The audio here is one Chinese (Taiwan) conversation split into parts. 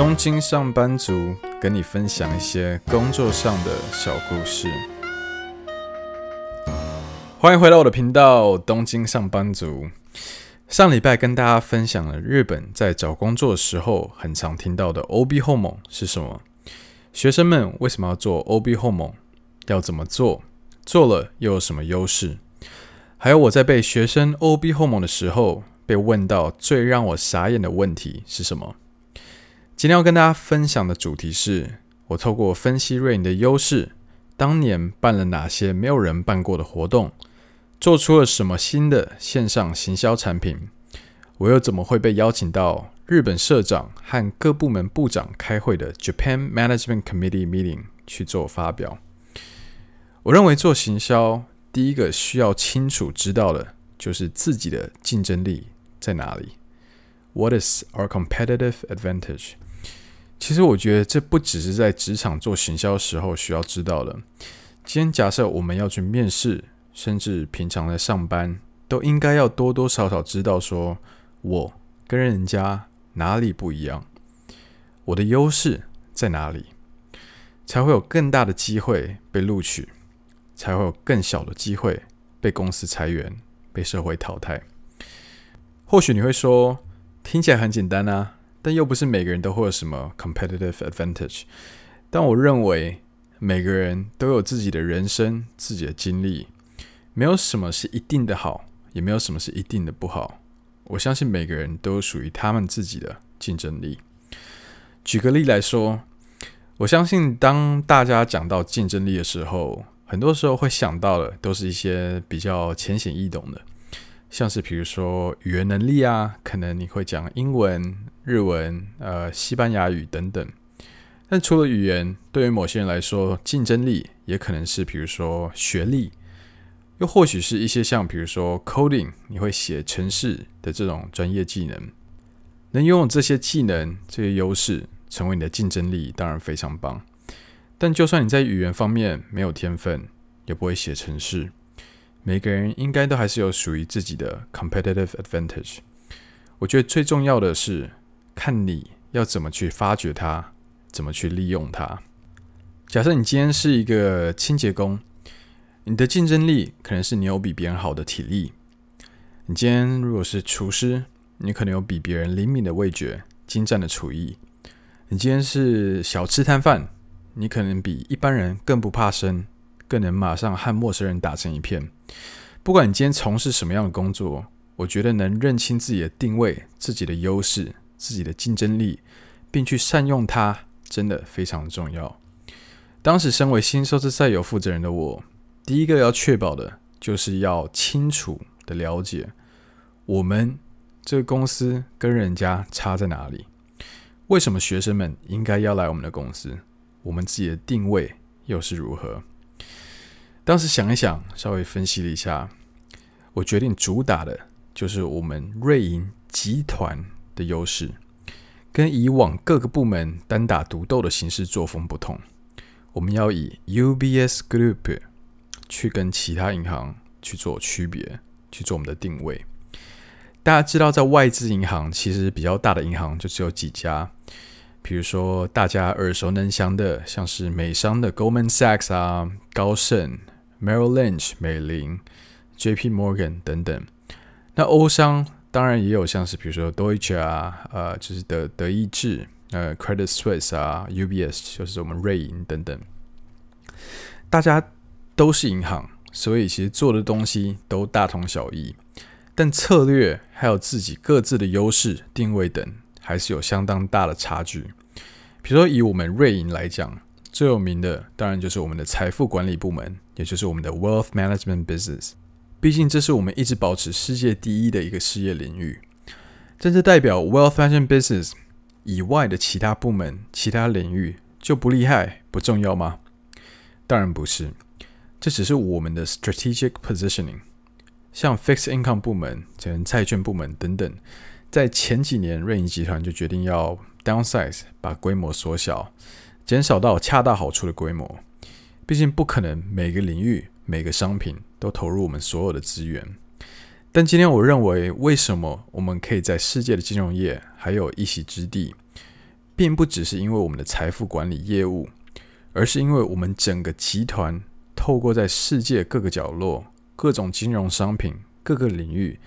東京上班族跟你分享一些工作上的小故事。歡迎回到我的頻道《東京上班族》。上禮拜跟大家分享了日本在找工作的時候很常聽到的 OB homo 是什麼？學生們為什麼要做 OB homo？要怎麼做？做了又有什麼優勢？還有我在被學生 OB homo 的時候，被問到最讓我傻眼的問題是什麼？今天要跟大家分享的主題是：我透過分析瑞銀的優勢，當年辦了哪些沒有人辦過的活動，做出了什麼新的線上行銷產品，我又怎麼會被邀請到日本社長和各部門部長開會的 Japan Management Committee Meeting 去做發表？我認為做行銷第一個需要清楚知道的就是自己的競爭力在哪裡。What is our competitive advantage？其實我覺得這不只是在職場做行銷的時候需要知道的。今天假設我們要去面試，甚至平常在上班，都應該要多多少少知道說，我跟人家哪裡不一樣，我的優勢在哪裡，才會有更大的機會被錄取，才會有更小的機會被公司裁員、被社會淘汰。或許你會說，聽起來很簡單啊。但又不是每個人都會有什麼 competitive advantage。但我認為每個人都有自己的人生、自己的經歷，沒有什麼是一定的好，也沒有什麼是一定的不好。我相信每個人都有屬於他們自己的競爭力。舉個例來說，我相信當大家講到競爭力的時候，很多時候會想到的都是一些比較淺顯易懂的。像是比如說語言能力啊，可能你會講英文、日文、呃西班牙語等等。但除了語言，對於某些人來說，競爭力也可能是比如說學歷，又或許是一些像比如說 coding，你會寫程式的這種專業技能。能擁有這些技能、這些優勢，成為你的競爭力，當然非常棒。但就算你在語言方面沒有天分，也不會寫程式。每個人應該都還是有屬於自己的 competitive advantage。我覺得最重要的是看你要怎麼去發掘它，怎麼去利用它。假設你今天是一個清潔工，你的競爭力可能是你有比別人好的體力。你今天如果是廚師，你可能有比別人靈敏的味覺、精湛的廚藝。你今天是小吃攤販，你可能比一般人更不怕生，更能馬上和陌生人打成一片。不管你今天從事什麼樣的工作，我覺得能認清自己的定位、自己的優勢、自己的競爭力，並去善用它，真的非常重要。當時身為新卒採用負責人的我，第一個要確保的就是要清楚的了解我們這個公司跟人家差在哪裡，為什麼學生們應該要來我們的公司，我們自己的定位又是如何。當時想一想，稍微分析了一下，我決定主打的就是我們瑞銀集團的優勢，跟以往各個部門單打獨鬥的行事作風不同，我們要以 UBS Group 去跟其他銀行去做區別，去做我們的定位。大家知道，在外資銀行，其實比較大的銀行就只有幾家，比如說大家耳熟能詳的，像是美商的 Goldman Sachs 啊，高盛。Merrill Lynch 美、美林、JP Morgan 等等，那歐商當然也有，像是比如說 Deutsche 啊，呃，就是德德意志，呃，Credit Suisse 啊，UBS 就是我們瑞銀等等，大家都是銀行，所以其實做的東西都大同小異，但策略還有自己各自的優勢定位等，還是有相當大的差距。比如說以我們瑞銀來講。最有名的當然就是我們的財富管理部門，也就是我們的 Wealth Management Business。畢竟這是我們一直保持世界第一的一個事業領域。但這代表 Wealth Management Business 以外的其他部門、其他領域就不厲害、不重要嗎？當然不是，這只是我們的 Strategic Positioning。像 Fixed Income 部門、跟債券部門等等，在前幾年瑞銀集團就決定要 Downsize，把規模縮小。減少到恰到好處的規模，畢竟不可能每個領域、每個商品都投入我們所有的資源。但今天，我認為為什麼我們可以在世界的金融業還有一席之地，並不只是因為我們的財富管理業務，而是因為我們整個集團透過在世界各個角落、各種金融商品、各個領域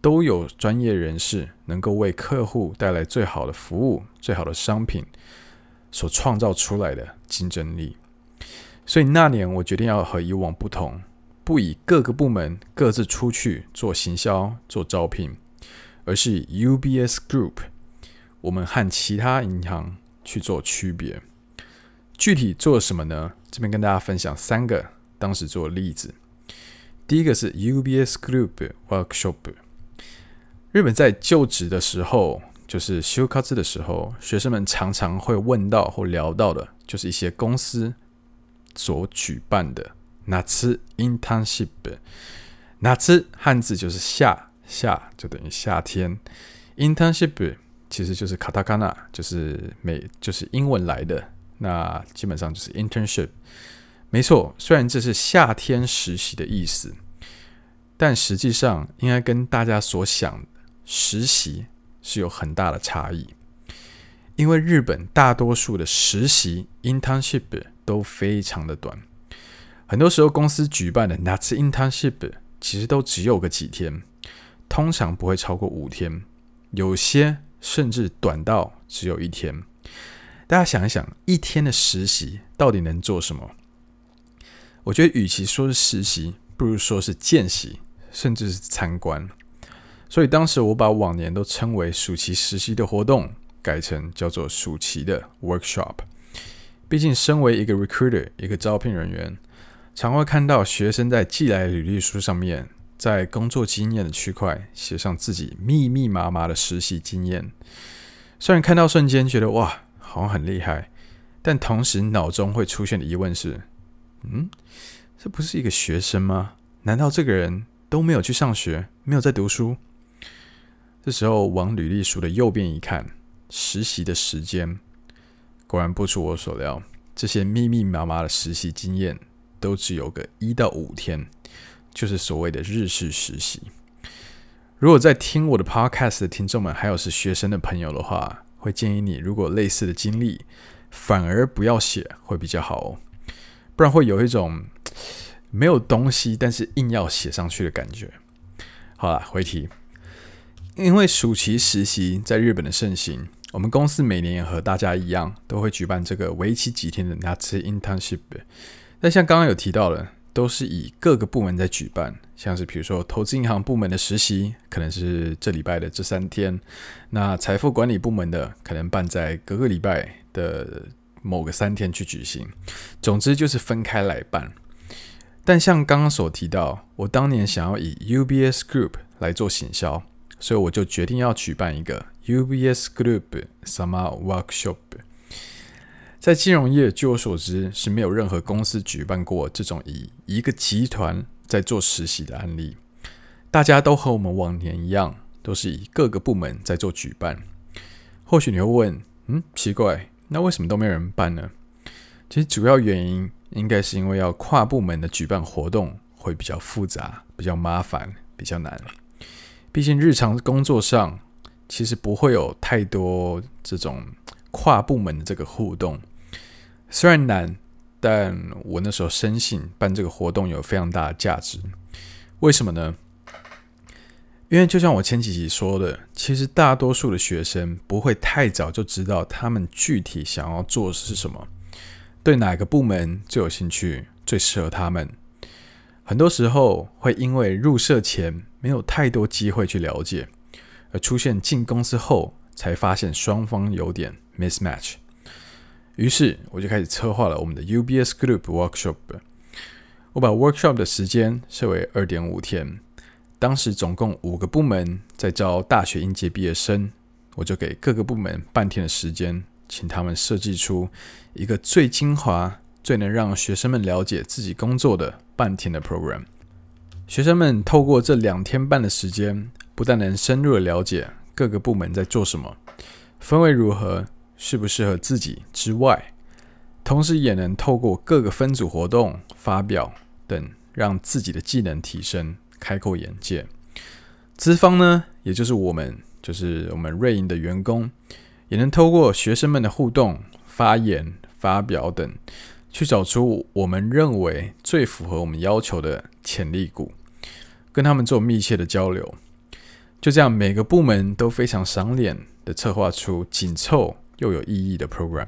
都有專業人士能夠為客戶帶來最好的服務、最好的商品。所創造出來的競爭力，所以那年我決定要和以往不同，不以各個部門各自出去做行銷、做招聘，而是以 UBS Group，我們和其他銀行去做區別。具體做什麼呢？這邊跟大家分享三個當時做的例子。第一個是 UBS Group Workshop，日本在就職的時候。就是就活的時候，學生們常常會問到或聊到的，就是一些公司所舉辦的“那次 internship”。那次漢字就是夏夏，就等於夏天。internship 其實就是卡塔卡納，就是美，就是英文來的。那基本上就是 internship。沒錯，雖然這是夏天實習的意思，但實際上應該跟大家所想實習。是有很大的差異，因為日本大多數的實習 （internship） 都非常的短，很多時候公司舉辦的那次 internship 其實都只有個幾天，通常不會超過五天，有些甚至短到只有一天。大家想一想，一天的實習到底能做什麼？我覺得，與其說是實習，不如說是見習，甚至是參觀。所以當時我把往年都稱為暑期實習的活動，改成叫做暑期的 workshop。畢竟身為一個 recruiter，一個招聘人員，常會看到學生在寄來的履歷書上面，在工作經驗的區塊寫上自己密密麻麻的實習經驗。雖然看到瞬間覺得哇，好像很厲害，但同時腦中會出現的疑問是：嗯，這不是一個學生嗎？難道這個人都沒有去上學，沒有在讀書？這時候往履歷書的右邊一看，實習的時間果然不出我所料，這些密密麻麻的實習經驗都只有個一到五天，就是所謂的日式實習。如果在聽我的 podcast 的聽眾們，還有是學生的朋友的話，會建議你，如果類似的經歷，反而不要寫會比較好哦，不然會有一種沒有東西，但是硬要寫上去的感覺。好了，回題。因為暑期實習在日本的盛行，我們公司每年也和大家一樣，都會舉辦這個為期幾天的 Natsu Internship。那像剛剛有提到的，都是以各個部門在舉辦，像是比如說投資銀行部門的實習，可能是這禮拜的這三天；那財富管理部門的，可能辦在隔個禮拜的某個三天去舉行。總之就是分開來辦。但像剛剛所提到，我當年想要以 UBS Group 來做行銷。所以我就決定要舉辦一個 UBS Group Summer Workshop。在金融業，據我所知，是沒有任何公司舉辦過這種以一個集團在做實習的案例。大家都和我們往年一樣，都是以各個部門在做舉辦。或許你會問，嗯，奇怪，那為什麼都沒有人辦呢？其實主要原因應該是因為要跨部門的舉辦活動會比較複雜，比較麻煩，比較難。畢竟日常工作上其實不會有太多這種跨部門的這個互動，雖然難，但我那時候深信辦這個活動有非常大的價值。為什麼呢？因為就像我前幾集說的，其實大多數的學生不會太早就知道他們具體想要做的是什麼，對哪個部門最有興趣，最適合他們。很多時候會因為入社前。沒有太多機會去了解，而出現進公司後，才發現雙方有點 mismatch。於是我就開始策劃了我們的 UBS Group Workshop。我把 Workshop 的時間設為二點五天。當時總共五個部門在招大學應屆畢業生，我就給各個部門半天的時間，請他們設計出一個最精華、最能讓學生們了解自己工作的半天的 program。學生們透過這兩天半的時間，不但能深入的了解各個部門在做什麼，氛圍如何，適不適合自己之外，同時也能透過各個分組活動、發表等，讓自己的技能提升，開闊眼界。資方呢，也就是我們，就是我們瑞銀的員工，也能透過學生們的互動、發言、發表等，去找出我們認為最符合我們要求的。潛力股，跟他們做密切的交流。就這樣，每個部門都非常賞臉的策劃出緊湊又有意義的 program。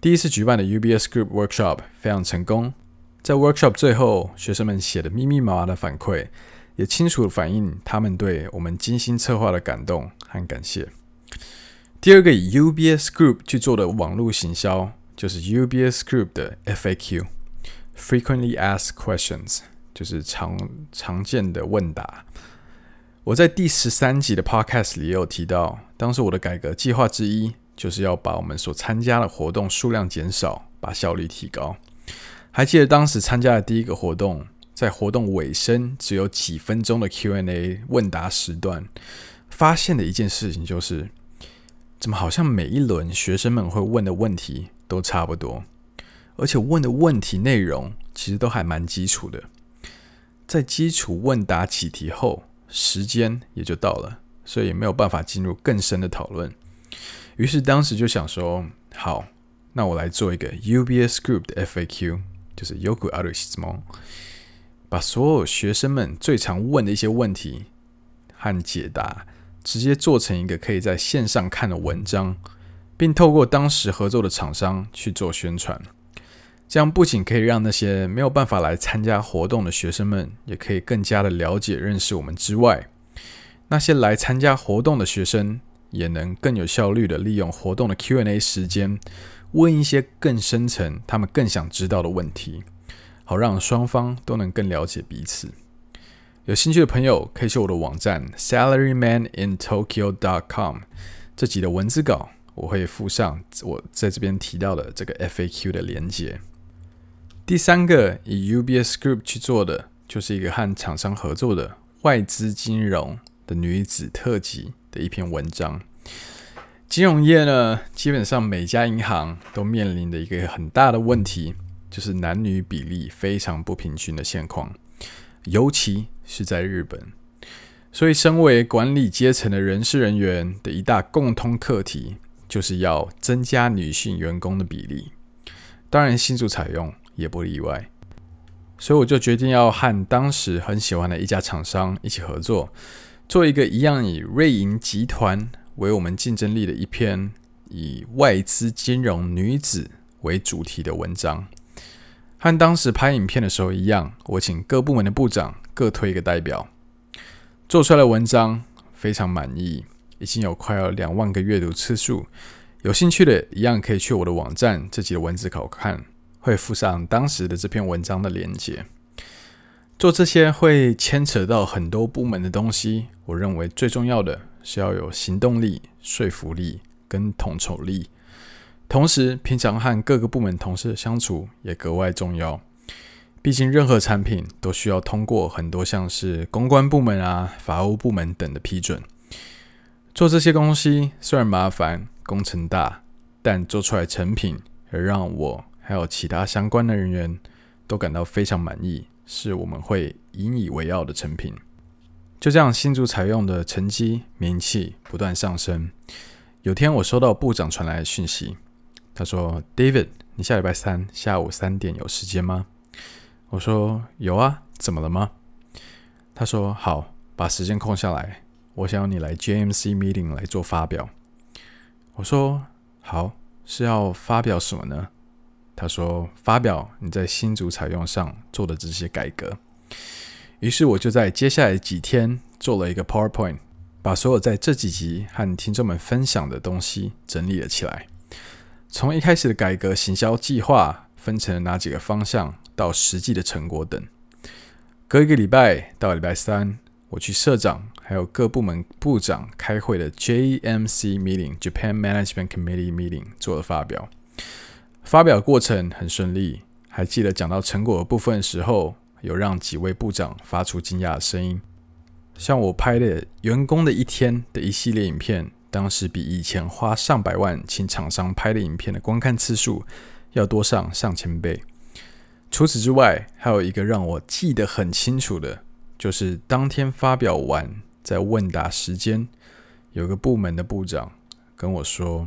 第一次舉辦的 UBS Group Workshop 非常成功，在 Workshop 最後，學生們寫的密密麻麻的反饋，也清楚地反映他們對我們精心策劃的感動和感謝。第二個以 UBS Group 去做的網絡行銷，就是 UBS Group 的 FAQ（Frequently Asked Questions）。就是常常見的問答。我在第十三集的 Podcast 裡也有提到，當時我的改革計劃之一就是要把我們所參加的活動數量減少，把效率提高。還記得當時參加的第一個活動，在活動尾聲只有幾分鐘的 Q&A 問答時段，發現的一件事情就是，怎麼好像每一輪學生們會問的問題都差不多，而且問的問題內容其實都還蠻基礎的。在基礎問答起題後，時間也就到了，所以也沒有辦法進入更深的討論。於是當時就想說：“好，那我來做一個 UBS Group 的 FAQ，就是 Yoku Arishimo，把所有學生們最常問的一些問題和解答，直接做成一個可以在線上看的文章，並透過當時合作的廠商去做宣傳。”這樣不僅可以讓那些沒有辦法來參加活動的學生們，也可以更加的了解認識我們之外，那些來參加活動的學生，也能更有效率的利用活動的 Q&A 時間，問一些更深層、他們更想知道的問題，好讓雙方都能更了解彼此。有興趣的朋友可以去我的網站 salarymanintokyo.com，這集的文字稿我會附上我在這邊提到的這個 FAQ 的連接。第三個以 UBS Group 去做的，就是一個和廠商合作的外資金融的女子特輯的一篇文章。金融業呢，基本上每家銀行都面臨的一個很大的問題，就是男女比例非常不平均的現況，尤其是在日本。所以，身為管理階層的人事人員的一大共同課題，就是要增加女性員工的比例。當然，新卒採用。也不例外，所以我就決定要和當時很喜歡的一家廠商一起合作，做一個一樣以瑞銀集團為我們競爭力的一篇以外資金融女子為主題的文章。和當時拍影片的時候一樣，我請各部門的部長各推一個代表，做出來的文章非常滿意，已經有快要兩萬個閱讀次數。有興趣的一樣可以去我的網站這集的文字稿看，會附上當時的這篇文章的連接。做這些會牽扯到很多部門的東西，我認為最重要的是要有行動力、說服力跟統籌力。同時，平常和各個部門同事的相處也格外重要。畢竟，任何產品都需要通過很多像是公關部門啊、法務部門等的批准。做這些東西雖然麻煩、工程大，但做出來成品也讓我，還有其他相關的人員都感到非常滿意，是我們會引以為傲的成品。就這樣，新竹採用的成績名氣不斷上升。有天，我收到部長傳來的訊息，他說：“David，你下禮拜三下午三點有時間嗎？”我說：“有啊，怎麼了嗎？”他說：“好，把時間空下來，我想要你來 JMC meeting 來做發表。”我說：“好，是要發表什麼呢？”他說：“發表你在新卒採用上做的這些改革。”於是我就在接下來幾天做了一個 PowerPoint，把所有在這幾集和聽眾們分享的東西整理了起來，從一開始的改革行銷計劃分成了哪幾個方向，到實際的成果等。隔一個禮拜到禮拜三，我去社長還有各部門部長開會的 JMC meeting（Japan Management Committee meeting） 做了發表。發表過程很順利，還記得講到成果的部分的時候，有讓幾位部長發出驚訝的聲音。像我拍的員工的一天的一系列影片，當時比以前花上百萬請廠商拍的影片的觀看次數要多上上千倍。除此之外，還有一個讓我記得很清楚的，就是當天發表完，在問答時間，有個部門的部長跟我說。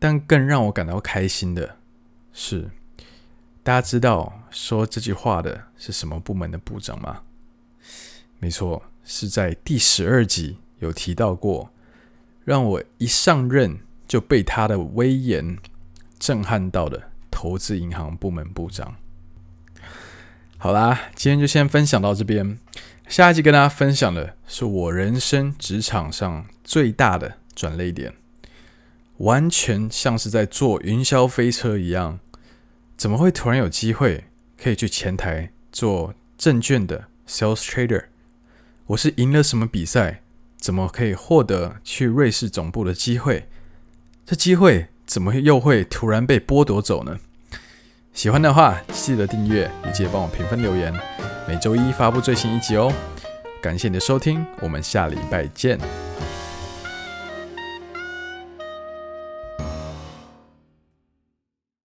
但更讓我感到開心的是，大家知道說這句話的是什麼部門的部長嗎？沒錯，是在第十二集有提到過，讓我一上任就被他的威嚴震撼到的投資銀行部門部長。好啦，今天就先分享到這邊，下一集跟大家分享的是我人生職場上最大的轉捩點。完全像是在坐雲霄飛車一樣，怎麼會突然有機會可以去前台做證券的 Sales Trader？我是贏了什麼比賽？怎麼可以獲得去瑞士總部的機會？這機會怎麼會又會突然被剝奪走呢？喜歡的話記得訂閱，也記得幫我評分留言。每周一發布最新一集哦。感謝你的收聽，我們下禮拜見。